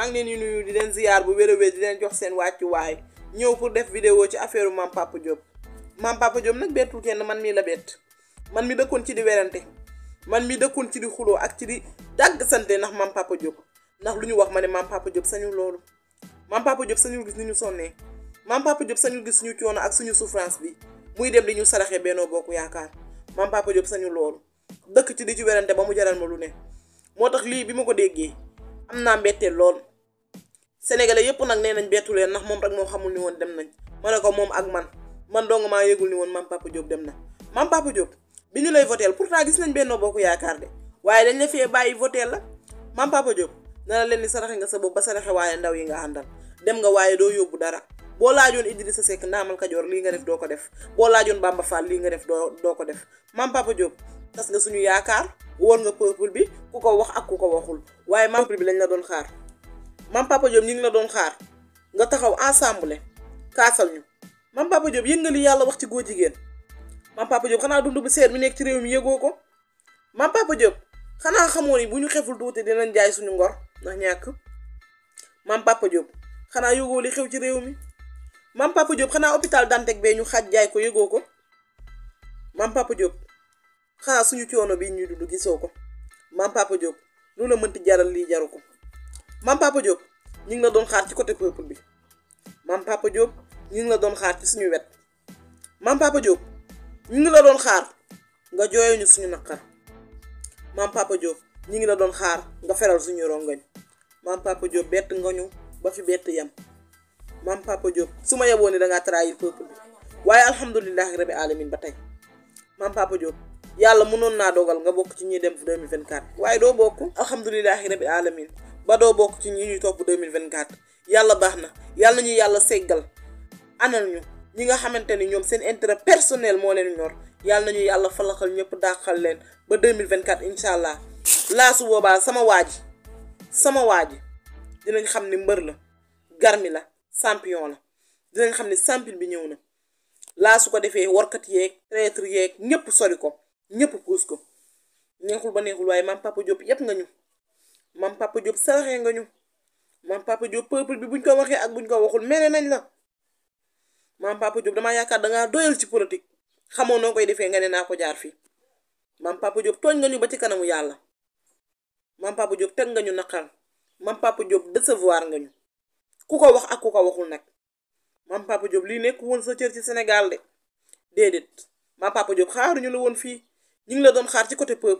maa ngi leen di nuyu di leen ziyaar bu wér a wér di leen jox seen wàccuwaay ñëw pour def vidéo ci affaire maam Papa Diop maam Papa Diop nag bettul kenn man mii la bett man mi dëkkoon ci di werante man mi dëkkoon ci di xuloo ak ci di dàgg sante ndax maam Papa Diop ndax lu ñu wax ma ne maam Papa Diop sañul loolu maam Papa Diop sañul gis ni ñu sonnee maam Papa Diop sañul gis suñu coono ak suñu souffrance bi muy dem di ñu saraxee Benno Bokk Yaakaar maam Papa Diop sañul loolu dëkk ci di ci werante ba mu jaral ma lu ne moo tax lii bi ma ko déggee am naa mbetteel lool sénégalais yëpp nag nee nañ bettu leen ndax moom rek moo xamul ni woon dem nañ ma ne ko moom ak man man dong maa yëgul ni woon maam Papa Diop dem na maam Papa Diop bi ñu lay voteel pourtant gis nañ Benno Bokk Yaakaar de waaye dañ bàyyi voteel la maam Papa Diop nana leen ni saraxe nga sa bopp ba saraxe waaye ndaw yi nga àndal dem nga waaye doo yóbbu dara boo laajoon Idrissa Seck ndaamal Kajoor lii nga def doo ko def boo Bamba Fall lii nga def doo doo ko def maam Papa Diop tas nga suñu yaakaar woon nga peuple bi ku ko wax ak ku ko waxul waaye maam bi lañ la doon xaar maam papa Diop ñu ngi la doon xaar nga taxaw ensemble kaasal ñu man papa Diop yëg nga li yàlla wax ci góor jigéen maam papa Diop xanaa dund bu seer nekk ci réew mi yëgoo ko maam papa xanaa xamoo ni bu ñu xeful tuuti dinañ jaay suñu ngor ndax ñàkk maam papa Diop xanaa yëgoo li xew ci réew mi maam papa Diop xanaa hôpital Dantec bee ñu xaaj jaay ko yëgoo ko maam papa Diop xanaa suñu coono bii ñuy dund gisoo ko maam papa Diop lu la mënti jaral lii jaru ko. maam Papa Diop ñu ngi la doon xaar ci côté peuple bi maam Papa Diop ñu ngi la doon xaar ci suñu wet maam Papa Diop ñu ngi la doon xaar nga jooyee ñu suñu naqar maam Papa Diop ñu ngi la doon xaar nga feral suñu rongañ maam Papa Diop bett nga ñu ba fi bett yam maam Papa Diop su ma yeboo ni da ngaa trahir peuple bi waaye alhamdulilah rabi alamin ba tey maam Papa Diop yàlla mënoon naa dogal nga bokk ci ñuy dem 2024 waaye doo bokk alhamdulilah rabi alamin ba doo bokk ci ñi ñuy topp 2024 yàlla baax na yàlla ñu yàlla seggal anal ñu ñi nga xamante ni ñoom seen intérêt personnel moo leen ñor yàlla nañu yàlla falaxal ñëpp dàqal leen ba 2024 incha allah laa su boobaa sama waaji sama waa ji dinañ xam ni mbër la garmi la champion la dinañ xam ni champion bi ñëw na laa su ko defee warkat yeeg traître yeeg ñëpp sori ko ñëpp puus ko neexul ba neexul waaye maam papa Diop yëpp nga ñu mam papa Diop saraxee nga ñu mam papa Diop peuple bi buñ ko waxee ak buñ ko waxul mere nañ la mam papa Diop damaa yaakaar dangaa doyal ci politique xamoo noo koy defee nga ne naa ko jaar fii mam papa Diop tooñ nga ñu ba ci kanamu yàlla mam papa Diop teg nga ñu naqar mam papa Diop décevoir nga ñu ku ko wax ak ku ko waxul nag mam papa Diop lii nekk woon sa cër ci Sénégal de déedéet mam papa Diop xaaruñu la woon fii ñu ngi la doon xaar ci côté peuple.